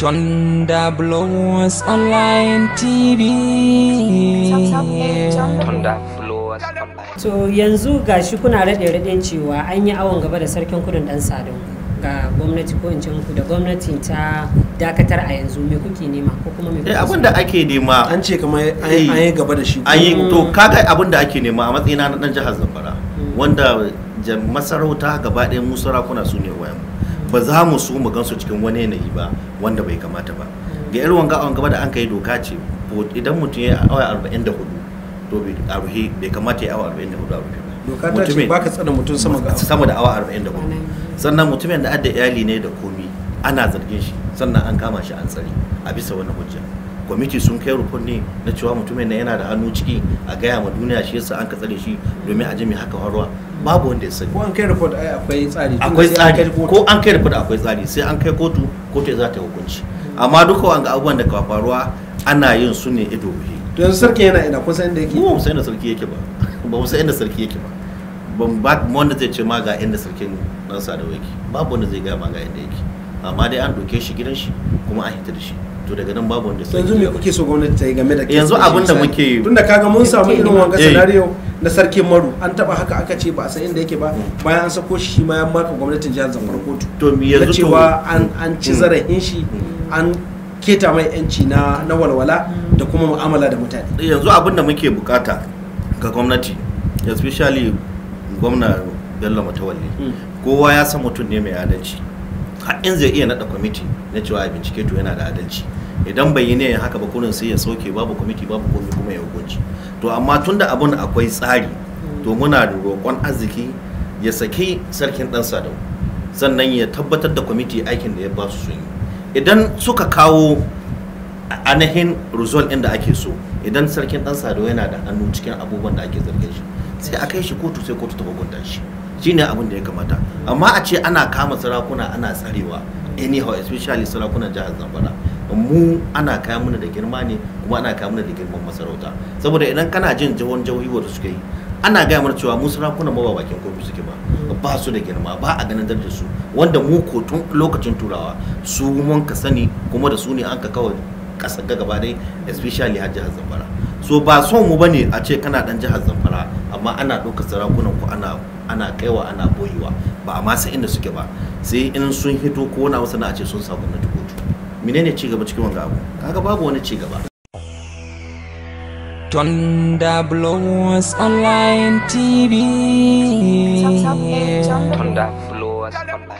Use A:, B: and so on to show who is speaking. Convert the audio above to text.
A: Thunder Blows Online TV. To yanzu ga shi kuna raɗe-raɗen cewa an yi awon gaba da sarkin kudin dan sadau ga gwamnati ko in ce muku da gwamnati ta dakatar a yanzu me kuke nema ko kuma me kuke nema eh, abinda
B: ake nema an ce kamar an yi eh, gaba da shi an yi mm. to kaga abinda ake nema a matsayina na dan jihar Zamfara mm. wanda masarauta gaba ɗaya musara kuna su ne wayan ba za mu so mu gansu cikin wani yanayi ba wanda bai kamata ba ga irin wanga a gaba da an kai doka ce idan mutum ya awa 44 to bai a bai kamata ya awa 44 a ruhe doka ta ce baka tsada mutum sama ga sama da awa sannan mutumin da adda iyali ne da komi ana zargin shi sannan an kama shi an tsare a bisa wani hujja kwamiti sun kai rufin ne na cewa mutumin na yana da hannu ciki a gaya ma duniya shi yasa an ka tsare shi domin a ji mai haka faruwa babu wanda ya sani ko an kai report akwai tsari akwai tsari ko an kai report akwai tsari sai an kai kotu kotu za ta hukunci hmm. amma duka wanga abubuwan da ka faruwa ana yin su ne ido biyu to yanzu sarki yana ina kusa inda yake ba mu san inda sarki yake ba ba mu san inda sarki yake ba ban ba wanda zai ce ma ga inda sarkin nan sa da yake babu wanda zai ga ma ga inda yake amma dai an doke shi gidan shi kuma an hita da shi to daga nan babu wanda yanzu me
A: kuke so gwamnati ta yi game da yanzu abin da muke yi tunda kaga mun samu irin wanga eh. scenario na sarkin maru an taba haka aka ce ba san inda yake ba bayan an sako shi ma ya maka gwamnatin jihar zamfara kotu to yanzu to cewa an an ci hmm. zarafin shi hmm. an keta mai yanci na na walwala da
B: kuma mu'amala da mutane yanzu abin da muke bukata ga gwamnati especially gwamna bello matawalle hmm. kowa ya san mutum ne mai adalci har in zai iya nada kwamiti na cewa bincike to yana da adalci idan bai yi ne haka ba kurin sai ya soke babu kwamiti babu komai kuma ya hukunci to amma tun da abun akwai tsari to muna da roƙon arziki ya saki sarkin dan sadau sannan ya tabbatar da kwamiti aikin da ya ba su sun yi idan suka kawo anahin result inda ake so idan sarkin dan sadau yana da hannu cikin abubuwan da ake zargin shi sai a kai shi kotu sai kotu ta hukunta shi shine abin da ya kamata amma a ce ana kama sarakuna ana tsarewa anyhow especially sarakunan jihar zamfara mu ana kaya mana da girma ne kuma ana kaya mana da girman masarauta saboda idan kana jin jawon jawoyi wanda suke yi ana gaya mana cewa mu sarakuna ma ba bakin kofi suke ba ba su da girma ba a ganin da su wanda mu ko tun lokacin turawa su mun ka sani kuma da su ne an ka kawai kasa ga gaba dai especially har jihar zamfara so ba son mu bane a ce kana dan jihar zamfara amma ana ɗaukar sarakunan ku ana ana kaiwa ana boyewa ba a masu inda suke ba sai in sun hito ko na wasu na ce sun sa gwamnati kotu menene ci gaba cikin wanga abu kaga babu wani ci gaba tonda Blows Online TV.
A: Tonda Blows Online.